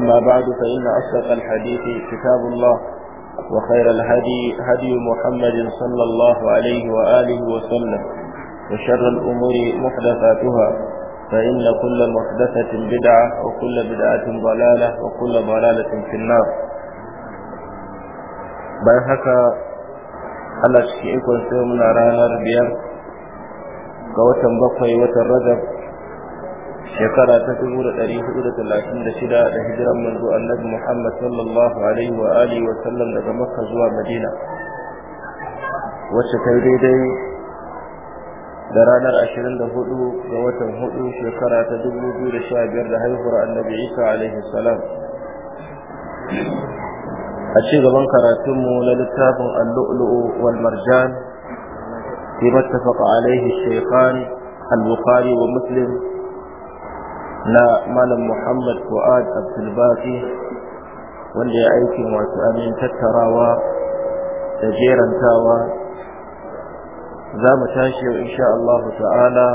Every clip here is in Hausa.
أما بعد فإن أصدق الحديث كتاب الله وخير الهدي هدي محمد صلى الله عليه وآله وسلم وشر الأمور محدثاتها فإن كل محدثة بدعة وكل بدعة ضلالة وكل ضلالة في النار bayan على Allah كنت من رانا muna قوة بقي وترجب shekara ta dubu da ɗari hudu da talatin da shida da hijiran manzo annabi Muhammad sallallahu alaihi wa alihi wa sallam daga Makka zuwa Madina wacce kai daidai da ranar ashirin da hudu ga watan hudu shekara ta dubu biyu da sha biyar da haihuwar annabi Isa alaihi salam a ci gaban karatunmu na littafin al-lu'lu'u wal marjan fi mattafaqa alaihi shaykhan al-bukhari wa muslim na malam muhammad fu'ad abdulbaki wanda ya aikin wasu amin tattarawa da jerantawa za mu tashi yau insha Allah ta'ala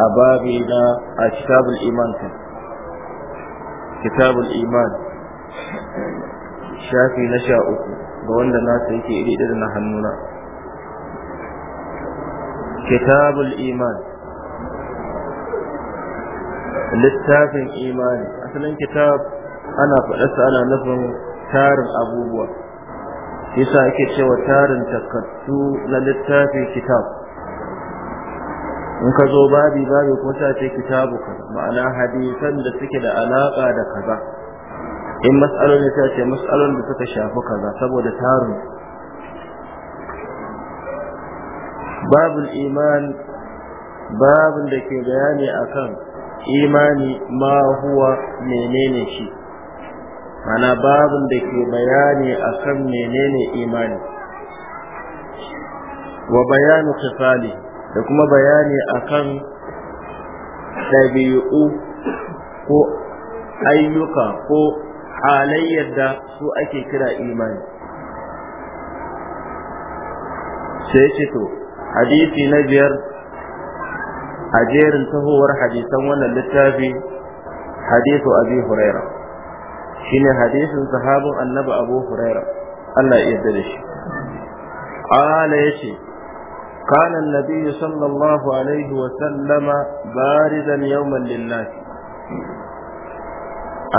a babi na a kitabul iman kitabul iman shafi na sha uku ga wanda na yake iri na hannuna kitabul iman littafin imani asalin kitab ana faɗarsa ana nufin tarin abubuwa yasa ake cewa tarin takardu na littafin kitab in ka zo babi babi ko sa ce kitabu ka ma'ana hadisan da suke da alaƙa da kaza in mas'alolin ta ce mas'alolin da suka shafi kaza saboda tarin babul iman babin da ke bayani akan imani ma huwa menene shi mana babin da ke bayani akan menene imani wa bayanu kifali da kuma bayani akan ɗabi'u ko ayyuka ko halayyar da su ake kira imani sai ce to hadisi na biyar a jerin tahowar hadisan wannan littafi hadisu abi huraira shine hadisin sahabin annabi abu huraira Allah ya yarda da shi qala yace kana annabi sallallahu alaihi wa sallama barizan yawman lin-nas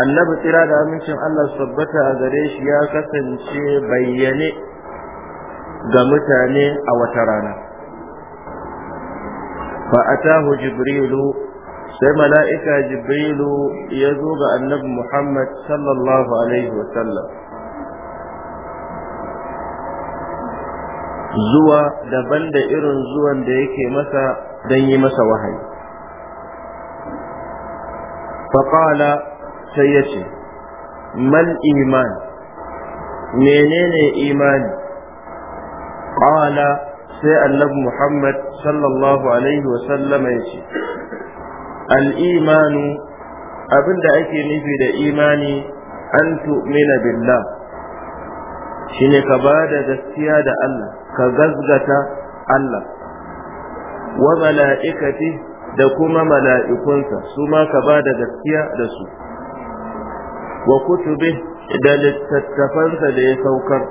annabi tsira da amincin Allah sabbata a gare shi ya kasance bayyane ga mutane a wata rana فأتاه جبريل sai mala'ika jibrilu ya zo ga annabi Muhammad sallallahu Alaihi wasallam zuwa daban da irin zuwan da yake masa don yi masa wahayi. faƙala sai ya ce mal iman menene imani ƙala sai annabi Muhammad sallallahu alaihi wa sallama yace al-imanu abinda ake nufi da imani an tu'mina billah shine ka bada gaskiya da Allah ka gazgata Allah wa mala'ikati da kuma mala'ikunsa su ma ka da gaskiya da su wa kutubi da littattafansa da ya saukar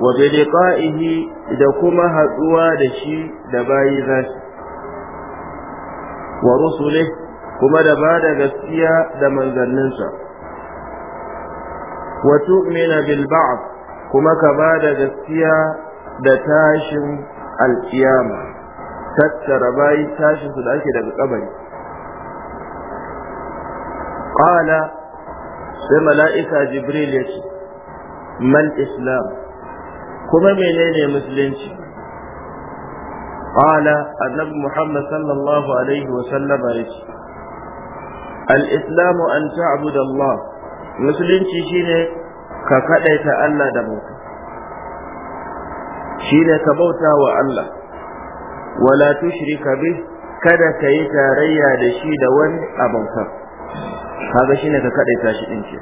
wa bi da kuma hatsuwa da shi da bayi zasu wa rusulih kuma da ba da gaskiya da manzanninsa wa tu'mina bil ba'd kuma ka ba da gaskiya da tashin alkiyama tattara bayi tashin su da ake daga kabari qala sai mala'ika jibril ya ce mal islam kuma menene musulunci qala annabi muhammad sallallahu alaihi wa sallam yace al-islamu an ta'budu allah musulunci shine ka kadaita allah da bauta shine ka bauta wa allah wala tushrika bih kada ka yi tarayya da shi da wani a bautar kaga shine ka kadaita shi din ce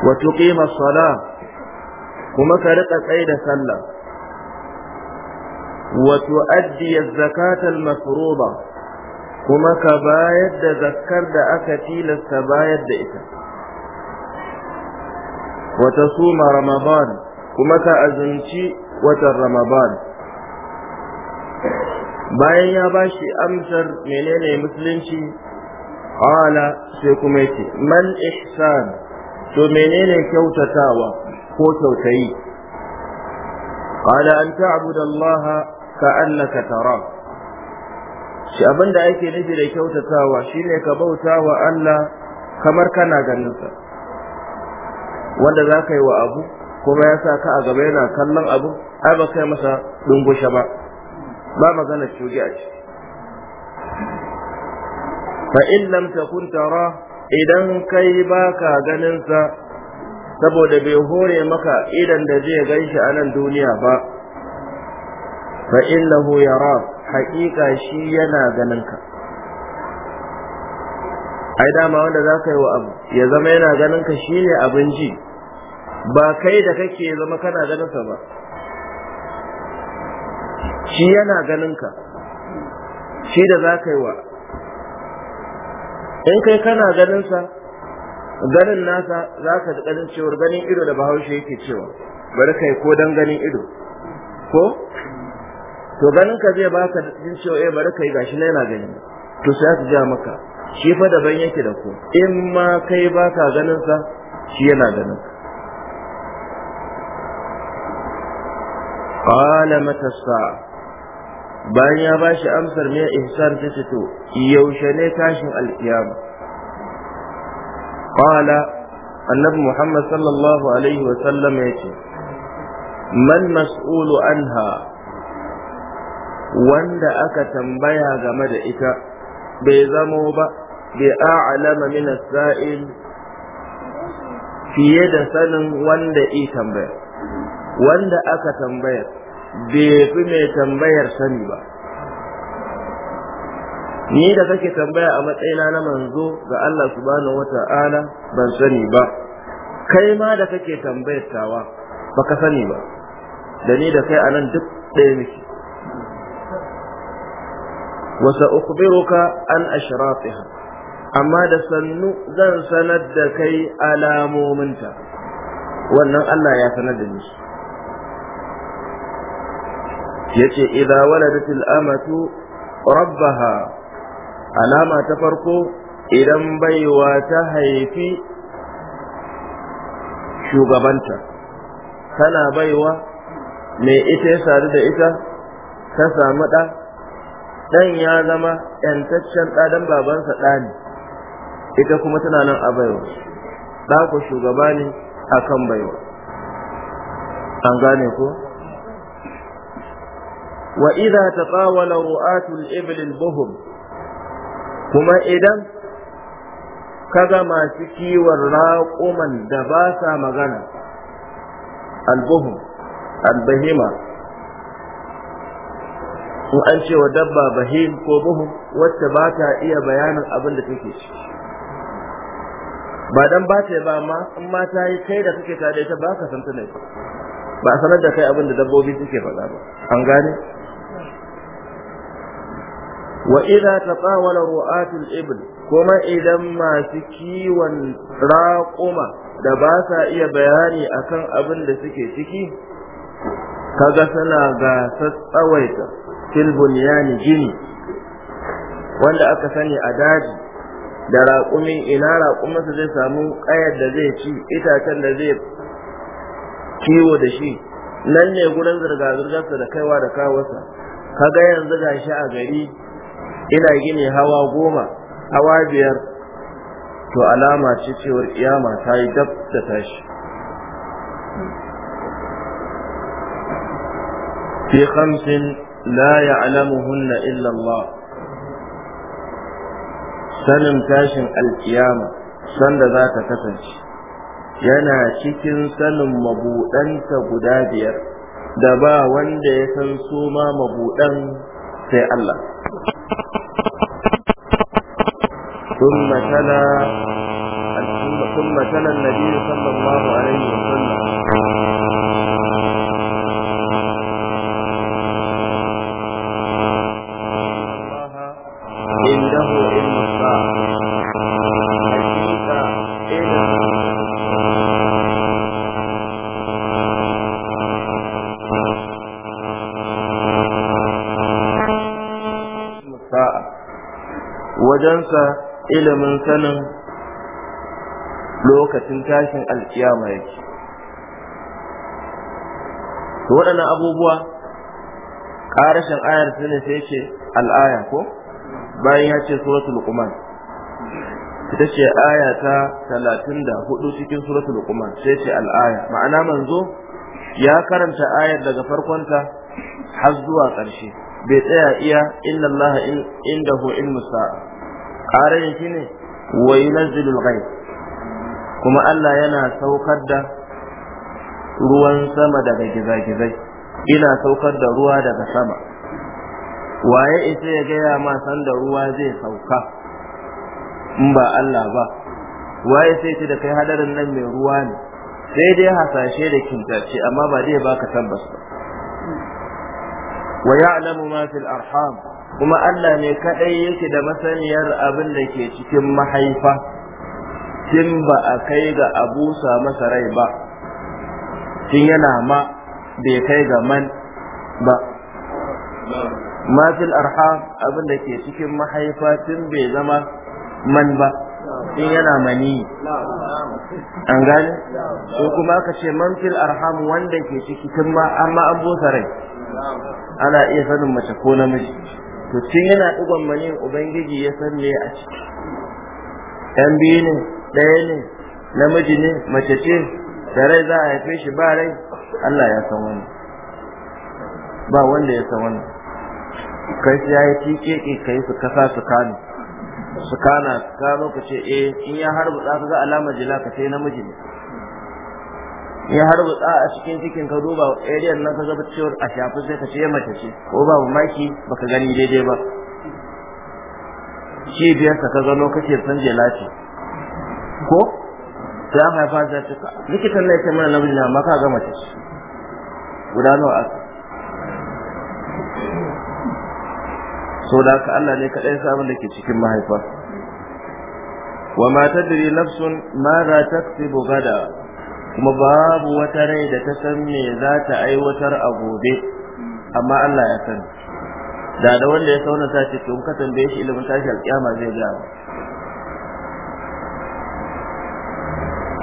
wa tuqima as kuma ka riƙa tsaye da sallah wa tu'addi az-zakata al-mafruḍa kuma ka bayar da zakkar da aka tilasta bayar da ita wa tasuma ramadan kuma ka azunci watan ramadan bayan ya bashi amsar menene musulunci qala sai kuma yace mal ihsan to menene kyautatawa ko tausayi qala an ta'budu Allah ka'annaka tarahu shi abinda ake nufi da kyautatawa shine ka bauta wa Allah kamar kana ganin sa wanda za ka yi wa abu kuma ya sa ka a gaba yana kallon abu ai ba kai masa dungushe ba ba magana shugi a ciki fa in lam takun tara idan kai baka ganin sa saboda bai hore maka idan da zai ganshi a nan duniya ba fa innahu yara haƙiƙa shi yana ganin ka ai dama wanda za ka yi wa abu ya zama yana ganin ka shine abin ji ba kai da kake zama kana ganin sa ba shi yana ganin ka shi da za ka yi wa in kai kana ganin sa ganin nasa za ka ganin cewar ganin ido da bahaushe yake cewa bari kai ko dan ganin ido ko to ganin ka zai baka jin cewa eh bari kai gashi na yana gani to sai ka ja maka shi fa daban yake da ku in ma kai baka ganin sa shi yana ganin ka qala mata sa'a bayan ya bashi amsar me ihsan ta ce to yaushe ne tashin alkiyama qala annabi muhammad sallallahu alaihi wa sallam yace man mas'ulu anha wanda aka tambaya game da ita bai zamo ba bai a'lama min as fiye da sanin wanda i tambaya wanda aka tambaya bai fi mai tambayar sani ba ni da kake tambaya a matsayina na manzo ga Allah subhanahu wata'ala ban sani ba kai ma da kake tambayar tawa baka sani ba da ni da kai nan duk ɗaya miki wa sa'ukhbiruka an ashrafiha amma da sannu zan sanar da kai alamominta wannan Allah ya sanar da ni yace idza waladatil amatu rabbaha alama ta farko idan baiwa ta haifi shugabanta tana baiwa mai ita ya sadu da ita ta samu ɗa ɗan ya zama ‘yantaccen don babansa ɗa ne ita kuma tana nan a baiwa ɗa ku shugaba ne a kan baiwa an gane ko? ta تطاول ru'atul الإبل buhum kuma idan ka ga masu kiwon raƙuman da ba sa magana albuhun albahima in an ce wa dabba bahim ko buhun wacce ba ta iya bayanin abin da take ci ba dan ba ta ba ma in ma ta yi kai da kake tare ta ba ka san ta ne ba sanar da kai abin da dabbobi suke faɗa ba an gane wa idza tatawala ru'atul ibn kuma idan masu kiwon raƙuma da ba sa iya bayani akan abin da suke ciki kaga suna gasar tsawaita fil bunyani gini wanda aka sani a daji da raƙumi ina su zai samu ƙayar da zai ci itacen da zai kiwo da shi nan ne gurin zirga da kaiwa da kawarsa kaga yanzu gashi a gari ina gini hawa goma hawa biyar to alama ce cewar kiyama ta yi dab da tashi fi khamsin la ya'lamuhunna illa Allah sanin tashin alkiyama sanda za ta kasance yana cikin sanin mabuɗanta guda biyar da ba wanda ya san su ma mabuɗan sai Allah ثم تلا ثم تلا النبي صلى الله عليه وسلم wajensa ilimin sanin lokacin tashin alkiyama yake to waɗannan abubuwa ƙarashin ayar su sai ce al'aya ko bayan ya ce suratul luqman ita ce aya ta talatin da hudu cikin suratul luqman sai ce al'aya ma'ana manzo ya karanta ayar daga farkon ta har zuwa ƙarshe bai tsaya iya inna allaha indahu ilmu sa'a ƙarin shi ne wa yunazzilul ghaib kuma Allah yana saukar da ruwan sama daga gizagizai ina saukar da ruwa daga sama waye isa ya gaya ma san da ruwa zai sauka in ba Allah ba waye sai ce da kai hadarin nan mai ruwa ne sai dai hasashe da kintace amma ba zai baka tabbas ba wa ya'lamu ma fil arham kuma Allah ne kadai yake da masaniyar abin da ke cikin mahaifa tun ba a kai ga abusa masa rai ba tun yana ma bai kai ga man ba ma fil arham abin da ke cikin mahaifa tun bai zama man ba tun yana mani an gane ko kuma aka ce man fil arham wanda ke ciki tun ma amma an busa rai ana iya sanin mace ko namiji to tun yana digon mani ubangiji ya san me a ciki ɗan biyu ne ɗaya ne namiji ne mace ce da rai za a haife shi ba rai Allah ya san wani ba wanda ya san wani kai sai ya yi tike ke kai su kasa su kano su kana su kano ka ce eh in ya harba za ka ga alamar jila ka sai namiji ne ya har wutsa a cikin cikin ka duba area nan ka ga ciwon a shafi sai ka ce mace ce ko babu maki baka gani daidai ba biyar ka ka gano kace san je lati ko ta za ta ce likitan ne ce mana namiji na amma ka ga mace ce guda nawa so da ka Allah ne kadai sabon da ke cikin mahaifa wa ma tadri nafsun ma za taksubu gada kuma babu wata rai da ta san me za ta aiwatar a gobe amma Allah ya sani da da wanda ya sauna ta ce to ka tambaye shi ilimin tashi alƙiyama zai ga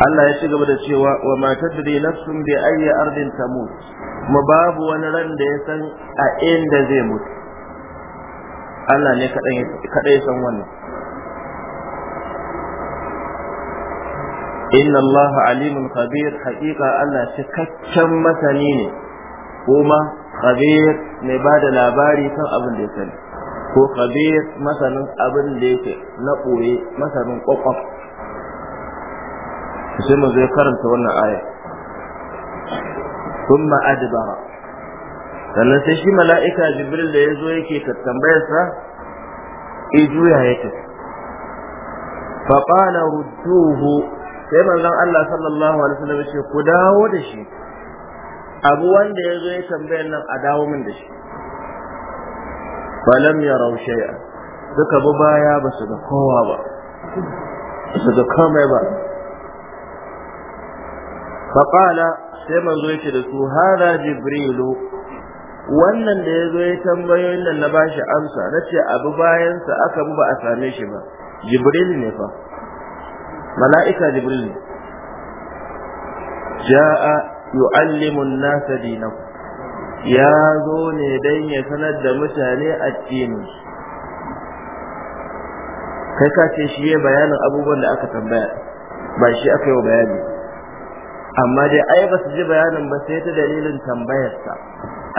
Allah ya ci gaba da cewa wa ma tadri nafsun bi ayyi ardin tamut kuma babu wani ran da ya san a inda zai mutu Allah ne kadai ya san wannan inna Allah alimun khabir haƙiƙa Allah cikakken masani ne kuma khabir mai ba da labari kan abin da ya sani ko khabir masanin abin da yake na ɓoye masanin ƙwaƙwaf sai mu zai karanta wannan aya ثم أدبر sannan sai shi mala'ika jibril da ya zo yake tambayarsa e juya ya tafi faƙana rudduhu sai manzon Allah sallallahu alaihi wasallam ce ku dawo da shi abu wanda ya zo ya tambayar nan a dawo min da shi falam yarau shay'a duka bi baya ba su ga kowa ba su ga komai ba faqala sai manzo yake da su hada jibrilu wannan da ya zo ya tambayoyin nan na bashi amsa na ce abu bayansa aka bu ba a same shi ba jibril ne fa mala'ika jibril ja'a يعلم الناس دينه يا ya zo ne don ya sanar da mutane أبو kai ka ce shi أكيو bayanin abubuwan da aka tambaya ba shi aka bayani amma dai ai ba su ji bayanin ba sai ta dalilin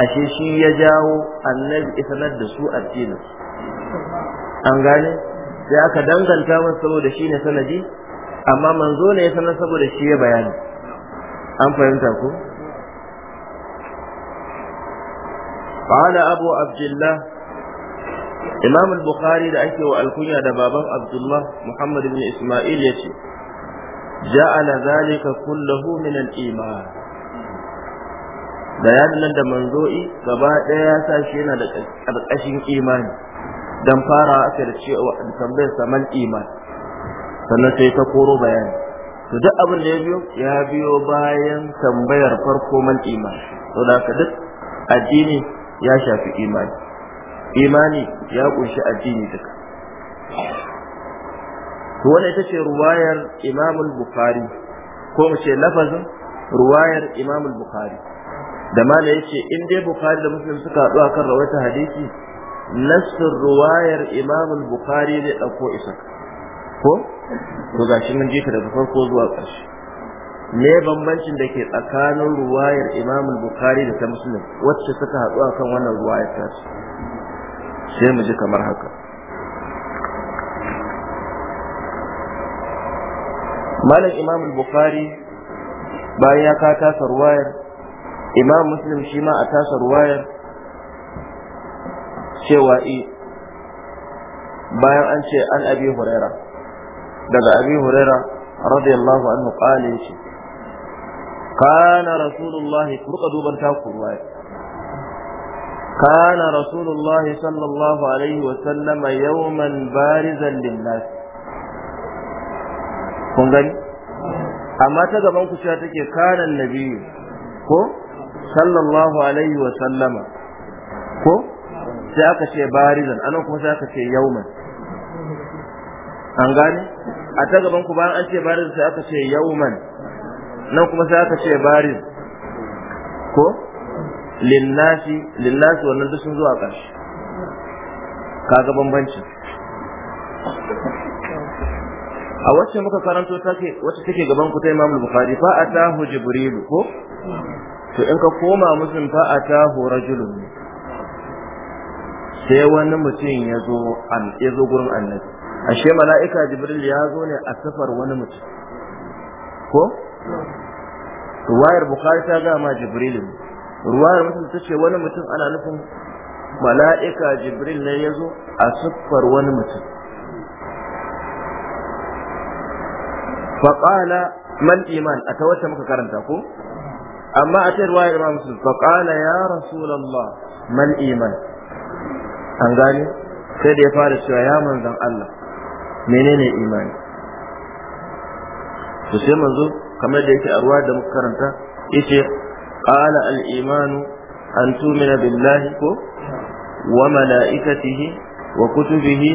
ashe shi ya jawo annabi ya da su addinin an gane sai aka danganta masa saboda shi ne sanadi amma manzo ne ya sanar saboda shi ya bayani an fahimta ku fa'ala abu abdullah imam bukhari da ake wa alkunya da baban abdullah muhammad ibn isma'il ya ce ja'ala zalika kullahu min al-iman da yadda nan da manzo'i gaba ɗaya ya sa shi yana da karkashin imani dan fara aka da cewa an tambaye saman imani sannan sai ta koro bayani to duk abin da ya biyo ya biyo bayan tambayar farko man imani to da ka duk addini ya shafi imani imani ya kunshi addini duka to wannan ita ce ruwayar Imam al-Bukhari ko mu ce lafazin ruwayar Imam al-Bukhari da mala yake in dai Bukhari da Muslim suka haɗu akan rawaita hadisi nassin ruwayar Imam al-Bukhari ne ɗauko isa ko to gashi mun je ka daga farko zuwa ƙarshe me bambancin da ke tsakanin ruwayar Imam Bukhari da ta Muslim wacce suka haɗu akan wannan ruwayar ta sai mu ji kamar haka malam Imam Bukhari bayan ya ka tasa ruwayar Imam Muslim shi ma a tasa ruwayar cewa i bayan an ce an abi hurairah daga abi huraira radiyallahu anhu qala shi kana rasulullahi kurka duban taku ruwaya kana rasulullahi sallallahu alaihi wa sallama yawman barizan linnas kun gani amma ta gaban ku cewa take kana annabi ko sallallahu alaihi wa sallama ko sai aka ce barizan anan kuma sai aka ce yawman an gane a ta gaban ku bayan an ce barin sai aka ce yauman nan kuma sai aka ce barin ko linnasi linnasi wannan duk sun zuwa ƙarshe kaga bambanci a wacce muka karanto take wacce take gaban ku ta Imam Bukhari fa atahu Jibril ko to in ka koma musun fa atahu rajulun sai wani mutum ya zo an ya zo gurin annabi ashe mala'ika jibril ya zo ne a safar wani mutum ko ruwayar bukari ta ga ma jibril ruwayar mutum ta ce wani mutum ana nufin mala'ika jibril ne ya zo a safar wani mutum faƙala man iman a ta wacce muka karanta ko amma a ce ruwayar imam muslim faƙala ya rasulallah man iman an gane sai da ya fara cewa ya manzan Allah menene imani to sai manzo kamar da yake a ruwa da muka karanta yace qala al imanu an tu'mina billahi ko wa malaikatihi wa kutubihi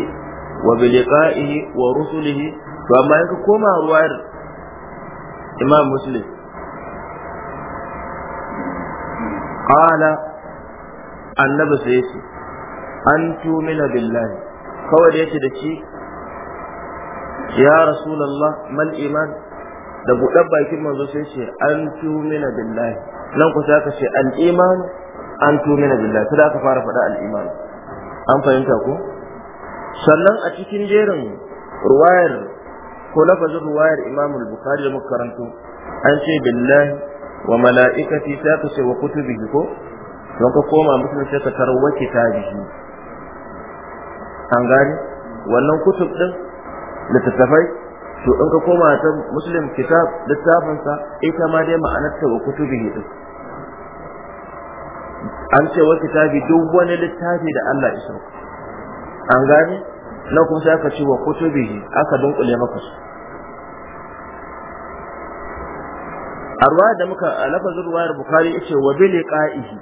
wa biliqa'ihi wa rusulihi to amma yake koma ruwayar imam muslim qala annabi sai yace an tu'mina billahi kawai da yake da shi ya rasulullah mal iman da buɗar bakin manzo sai ce an tumina billahi nan ku sai ka ce al iman an tumina billahi sai aka fara faɗa al iman an fahimta ko sannan a cikin jerin ruwayar ko lafazin ruwayar imam al-bukhari da muka karanto an ce billahi wa mala'ikati sai ka ce wa kutubihi ko don ka koma mutum sai ka tarwa kitabihi an gane wannan kutub din littattafai to in ka koma ta muslim kitab littafinsa ita ma dai ma'anar ta wa ne din an ce wa kitabi duk wani littafi da Allah ya sauka an gane na kuma sai aka ce wa kutubi aka dunkule maka su arwa da muka lafazin ruwayar bukari yace wa bi liqa'ihi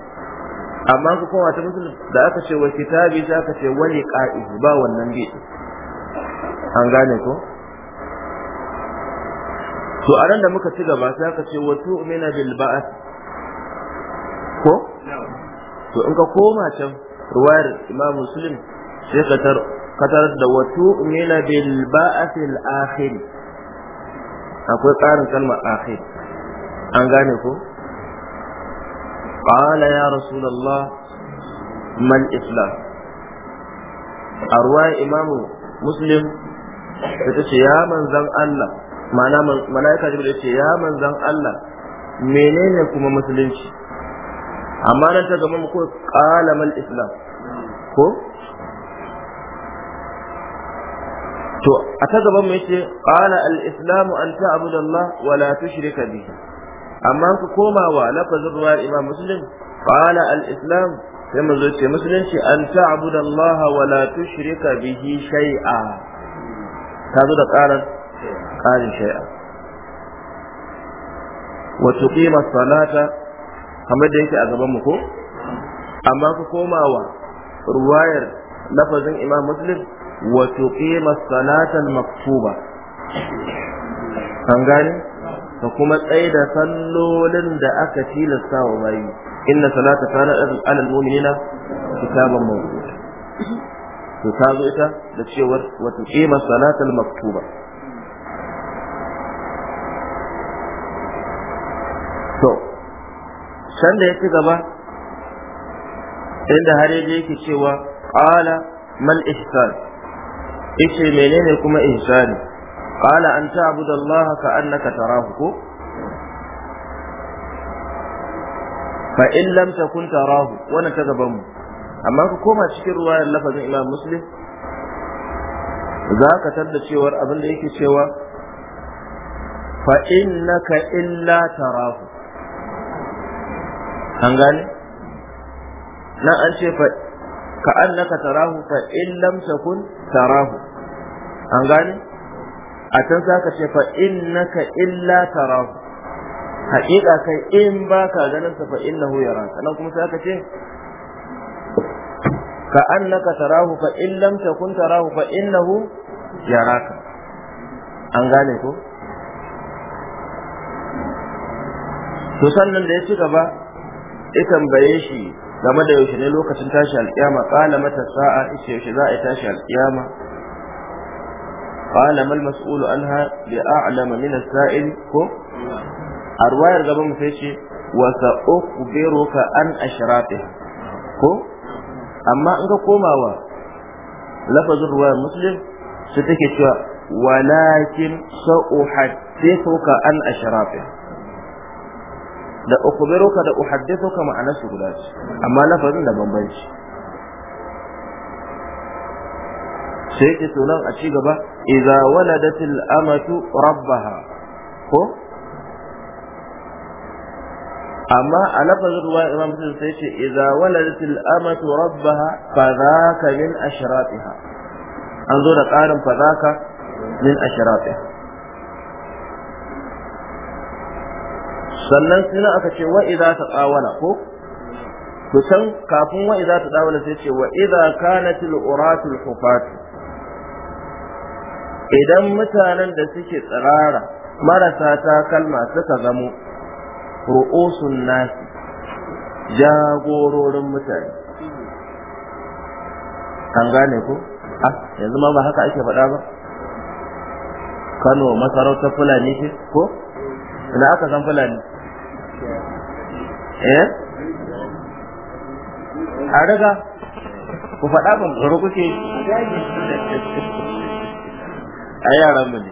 amma ka koma ta muslim da aka ce wa kitabi sai aka ce wa liqa'ihi ba wannan bi an gane ko to a da muka ci gaba sai aka ce wa tu'mina bil ba'ath ko to in ka koma can ruwayar imam muslim sai ka tar katar da wa tu'mina bil ba'ath al akhir akwai ƙarin kalmar akhir an gane ko qala ya rasulullah mal islam a imam muslim sai ta ce ya manzan Allah ma'ana mala'ika jibril ya ce ya manzan Allah menene kuma musulunci amma nan ta gama ko qala islam ko to a ta gaban mu yace qala al islam an ta'budu Allah wa la tushrika bihi amma ku koma wa lafazin ruwa imam muslim qala al islam sai mu zo ce musulunci an ta'budu Allah wa la tushrika bihi shay'a ta zo da ƙarar ƙarin shari'a wa tuqima salata kamar da yake a gaban mu ko amma ku komawa ruwayar lafazin imam muslim wa tuqima salata al-maktuba an gane ka kuma tsaye da sallolin da aka tilasta wa bayi inna salata kana alal mu'minina kitaban mawquta to ta zo ita da cewar wata kima salatal maktuba to can da ya ci gaba inda har yaje yake cewa qala mal ihsan ishe menene kuma ihsani qala an ta'budu Allah ka annaka tarahu ko fa in lam takun tarahu wannan ta gaban mu amma ka koma cikin ruwayar lafazin imam muslim za ka tadda cewar abin da yake cewa fa innaka illa tarahu an gane Na an ce fa ka annaka tarahu fa in lam takun tarahu an gane a can za ka ce fa innaka illa tarahu haƙiƙa kai in ba ka ganin sa fa innahu yara sannan kuma sai ka ce ka annaka tarahu fa in lam takun tarahu fa innahu yaraka an gane ko to sannan da ya ci gaba ya tambaye shi game da yaushe ne lokacin tashi alkiyama qala mata sa'a ita yaushe za a tashi alkiyama qala mal mas'ulu anha bi a'lama min as-sa'il ko arwayar gaba mu sai ce wa sa'ukhbiruka an ashratiha ko amma in ka komawa lafazin ruwayar muslim sai take cewa walakin sa'uhaddithuka an ashrafi da ukhbiruka da uhaddithuka ma'anar su guda ce amma lafazin da bambanci sai ke tunan a ci gaba idza waladatil amatu rabbaha ko amma a lafazin ruwa imam muslim sai ce idza waladatil amatu rabbaha fadhaka min ashratiha an zo da ƙarin fadhaka min ashratiha sannan sai aka ce wa ta taqawala ko to san kafin wa ta taqawala sai ce wa idza kanatil uratul hufat idan mutanen da suke tsirara marasa takalma suka zamo ru'usun nasi jagororin mutane an gane ko a ah, yanzu ma ba haka ake faɗa ba kano masarautar fulani ce ko ina aka san fulani eh a daga ku faɗa ban ku kuke a yaran mu ne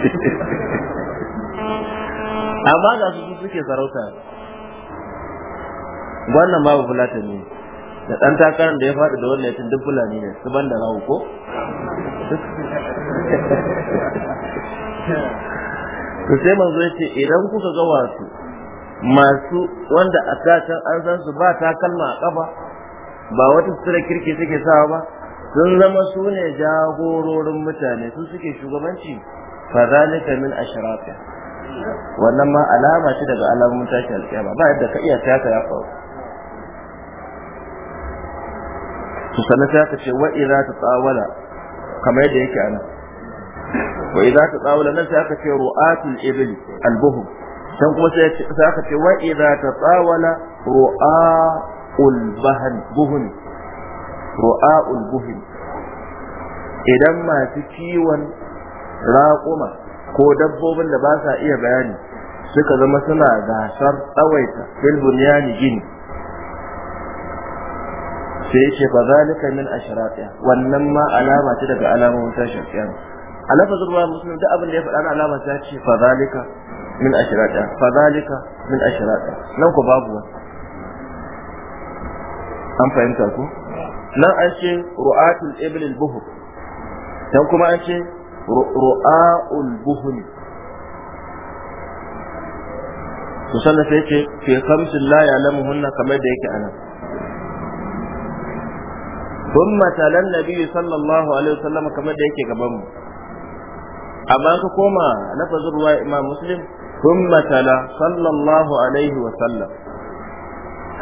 amma ga su suke sarauta wannan babu fulata ne da ɗan takarar da ya faɗi da wannan yatin duk fulani ne su ban da rahu ko to sai manzo yace idan kuka ga wasu masu wanda a can an san su ba takalma a kafa ba wata sutura kirki suke sawa ba sun zama su ne jagororin mutane su suke shugabanci fa zalika min ashrafih wannan ma alama ce daga alamun tashi alkiyama ba yadda ka iya taka ya faru su sanar ta ka ce wa'i za ta tsawala kamar yadda yake ana wa'i za ta tsawala nan sai aka ce ru'atul ibli albuhum can kuma sai aka ce wa'i za ta tsawala ru'a'ul buhun ru'a'ul buhun idan masu kiwon raƙuma ko dabbobin da ba sa iya bayani suka zama suna gasar tsawaita fil bunyani gini sai yace fa zalika min ashratiha wannan ma alama ce daga alamomin tashin kiyama a lafazin ruwa muslim duk abin da ya faɗa na alama ta ce fa zalika min ashratiha fa zalika min ashratiha nan ku babu wani an fahimta ku nan an ce ru'atul ibil buhur dan kuma an ce ru'a'ul buhul su sai ce fi kamsin la ya lamu hunna kamar da yake anan sun matalan nabi sallallahu alaihi wasallam kamar da yake gaban mu amma ka koma na fazin ruwa imam muslim sun matala sallallahu alaihi wasallam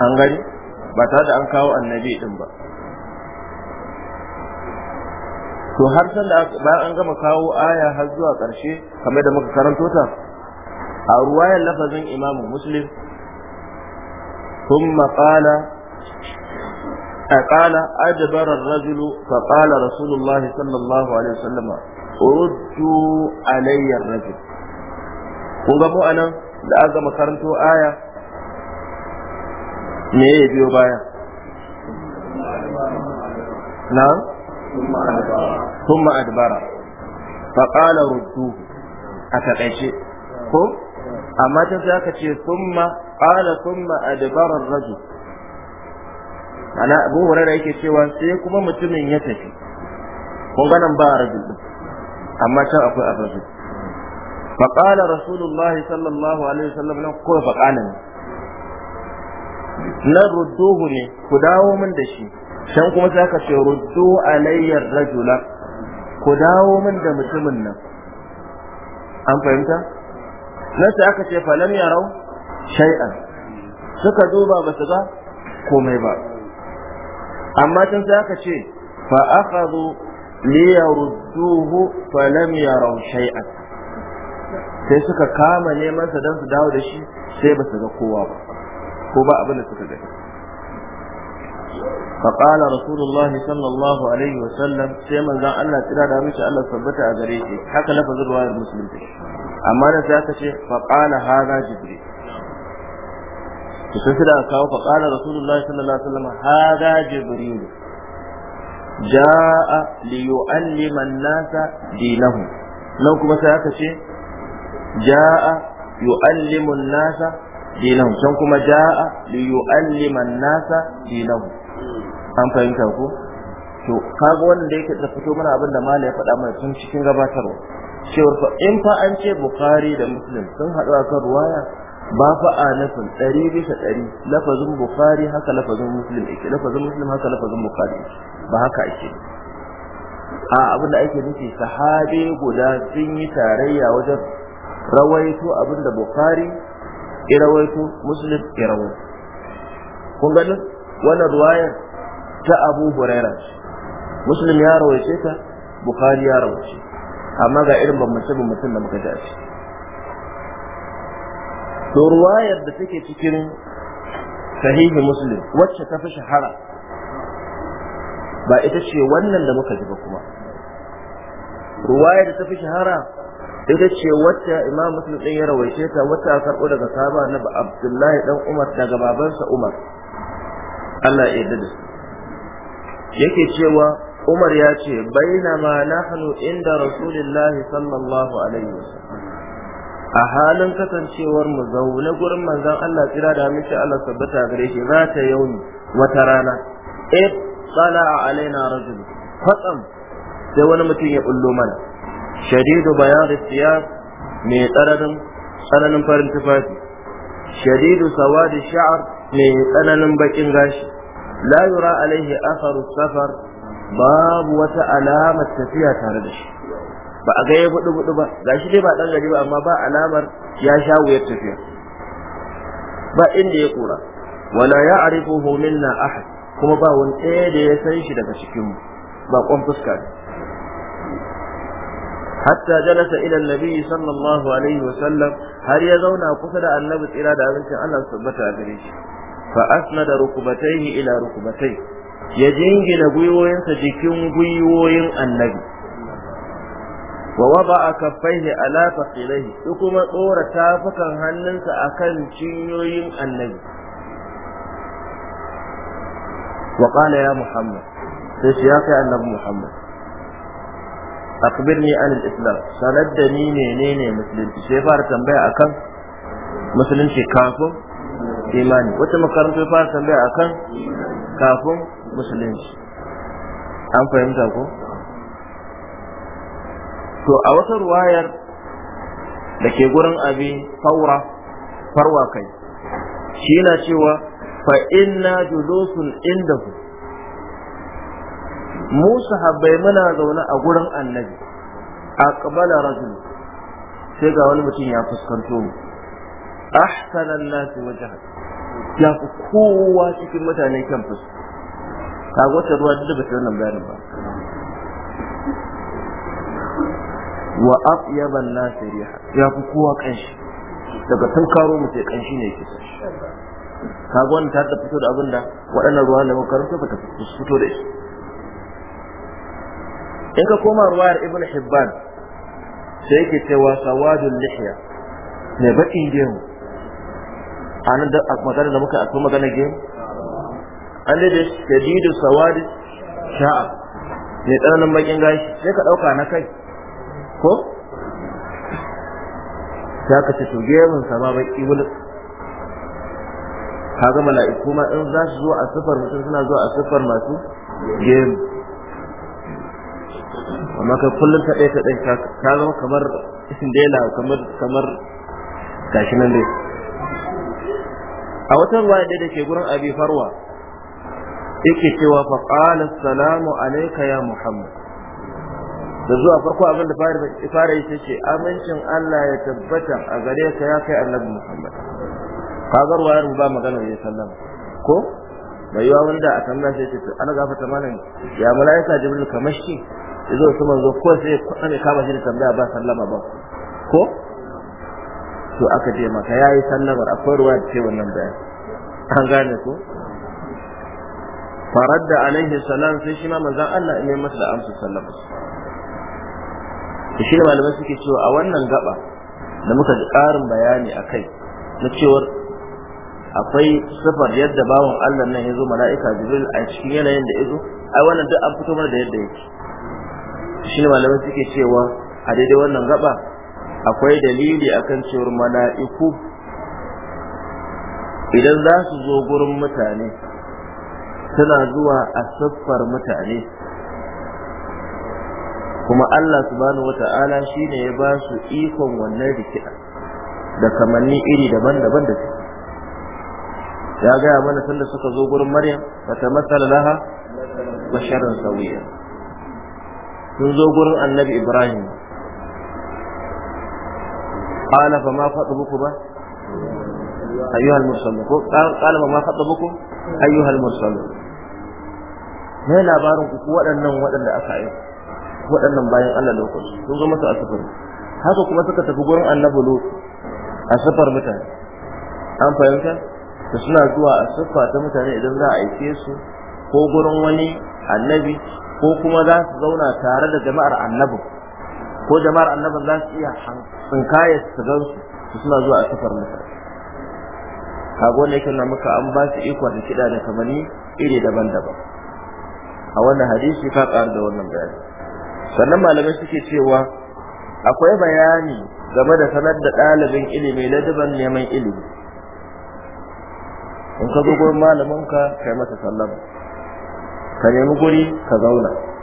an gani ba tare da an kawo annabi din ba to har sanda bayan an gama kawo aya har zuwa ƙarshe kamar da muka karanto ta a ruwayar lafazin imamu muslim ثم قال قال أدبر الرجل فقال رسول الله صلى الله عليه وسلم ردوا علي الرجل وقاموا أنا لأقام كرمتو آية me ya biyo baya ثم adbara fa qala ruddu a takaice ko amma ta sai aka ce thumma qala thumma adbara ar-rajul abu yake cewa sai kuma mutumin ya tafi kun ga nan ba rajul amma can akwai ar fa qala rasulullah sallallahu alaihi wasallam nan ko fa na rudduhu ne ku dawo min da shi can kuma sai ka ce ruddu alayyar rajula ku dawo min da mutumin nan an fahimta na sai aka ce falam yarau shay'an suka duba ba su ga komai ba amma can sai aka ce fa akhadhu li yarudduhu falam yarau shay'an sai suka kama neman sa dan su dawo da shi sai ba su ga kowa ba ko ba abin da suka gani فقال رسول الله صلى الله عليه وسلم سيما زان الله تلا دا الله ثبت a gare shi haka lafazin ruwayar muslim take amma da sai aka ce faqala hadha jibril to sai da kawo faqala rasulullahi sallallahu alaihi wasallam hadha jibril jaa li yu'allima an-nasa dinahum nan kuma sai aka ce jaa nasa kuma jaa nasa an fahimta ku? to kaga wannan da yake da fito mana abin da malai ya faɗa mana tun cikin gabatarwa cewar fa in fa an ce bukhari da muslim sun haɗu a kan ruwaya ba fa a nufin ɗari bisa ɗari lafazin bukhari haka lafazin muslim yake lafazin muslim haka lafazin bukhari ba haka ake a abin da ake nufi sahabe guda sun yi tarayya wajen rawaito abin da bukhari ya rawaito muslim ya rawaito kun gani? wannan ruwayar ta abu huraira muslim ya rawaice ta bukhari ya rawaice amma ga irin bambance mutum da muka ji a to ruwayar da take cikin sahihi muslim wacce ta fi shahara ba ita ce wannan da muka ji ba kuma ruwayar da ta fi shahara ita ce wacce imam muslim ɗin ya rawaice ta wacce aka karɓo daga saba na abdullahi Dan umar daga babansa umar allah ya yarda da su yake cewa Umar ya ce bainama nahnu inda Rasulillahi sallallahu alaihi a halin kasancewar mu zaune gurin manzon Allah tsira da miki Allah sabbata gare shi za ta yauni wata rana eh tsala alaina rajul fatsam sai wani mutum ya bullo mana shadidu bayan siyas mai tsananin tsananin farin tufafi shadidu sawadi sha'ar mai tsananin bakin gashi la yura alaihi atharu safar babu wata alamar tafiya tare da shi ba a ga ya budu budu ba gashi dai ba dan gari ba amma ba alamar ya sha tafiya ba inda ya kura wala ya'rifuhu minna ahad kuma ba wani ɗaya da ya san shi daga cikin mu ba kwan fuska hatta jalasa ila annabi sallallahu alaihi wa sallam har ya zauna kusa da annabi tsira da abinci Allah subhanahu a ta'ala gare shi fa asnada rukubatayhi ila rukubatay ya jingina gwiwoyinsa jikin gwiwoyin annabi wa wada'a kaffaihi ala faqilayhi ya kuma tsora tafukan hannunsa akan cinyoyin annabi wa ya muhammad sai shi ya kai annabi muhammad akbirni an al-islam sanar ni menene musulunci sai fara tambaya akan musulunci kafin imani wata makarantar fara tambaya akan kafin musulunci an fahimta ko to a wata ruwayar da ke gurin abi faura farwa kai shi na cewa fa inna julusun indahu mu sahabbai muna zaune a gurin annabi aqbala rajul sai ga wani mutum ya fuskanto mu ahsanan nasi wajhan ya fi kowa cikin mutane kyan fuska kaga ruwa duk ba ta wannan bayanin ba wa atyaban nasi riha ya fi kowa kanshi daga tunkaro mu sai kanshi ne ke. kaga wannan ta fito da abinda da waɗannan ruwa ne makaranta ba ta fito da shi in ka koma ruwayar ibn hibban sai yake cewa sawadul lihya mai baƙin gemu Anan da magana da muka akwai magana ge an da shadidu sawadi sha'a ne tsananin bakin gashi sai ka ɗauka na kai ko Ya ka ce to gemun sama ma baki wani kaga mala'iku ma in za su zo a sifar mutum suna zuwa a sifar masu gemu amma kai kullum ta ɗaya ta ɗaya ka zama kamar isin dela kamar kamar gashi nan dai a wata ruwa da ke gurin abi farwa yake cewa fa qala assalamu alayka ya muhammad da zuwa farko abin da fara yi ce amincin Allah ya tabbata a gare ka ya kai annabi muhammad ga ruwa ba magana ya sallama ko bai yiwa wani da a tambaya sai ce ana gafata malam ya malaika jibril kamar shi yazo su manzo ko sai kwatsame kama shi da tambaya ba sallama ba ko to aka je maka ya yi sallamar akwai ruwa da ce wannan bayan an gane ko faradda alaihi salam sai shi ma manzon Allah ne masa da amsa sallama shi ne malamai suke cewa a wannan gaba da muka ji ƙarin bayani a kai na cewar akwai sifar yadda bawan Allah nan ya zo mala'ika Jibril a cikin yanayin da ya zo ai wannan duk an fito mana da yadda yake shi ne malamai suke cewa a daidai wannan gaba akwai dalili akan cewar mala'iku idan za su zo gurin mutane suna zuwa a siffar mutane kuma Allah subhanahu wata'ala shine ya ba su ikon wannan rikida da kamanni iri daban-daban da su ya gaya mana sanda suka zo gurin Maryam ba ta matsala laha basharan sawiya sun zo gurin annabi Ibrahim qala fa ma fatabuku ba ayyuhal mursalun ko qala fa ma fatabuku ayyuhal mursalun ne labarin ku waɗannan waɗanda aka yi waɗannan bayan Allah lokaci sun zo masa asafar haka kuma suka tafi gurin annabi lut mutane an fahimta da suna zuwa asafa ta mutane idan za a aike su ko gurin wani annabi ko kuma za su zauna tare da jama'ar annabin ko jama'ar annaban za su iya tsinkaya su gan su suna zuwa a safar masa kago ne kana muka an ba su iko da kida da kamani iri daban-daban a wannan hadisi ka ƙara da wannan bayani sannan malamai suke cewa akwai bayani game da sanar da ɗalibin ilimi ladaban neman ilimi in ka zo gurin malamin ka kai masa sallama ka nemi guri ka zauna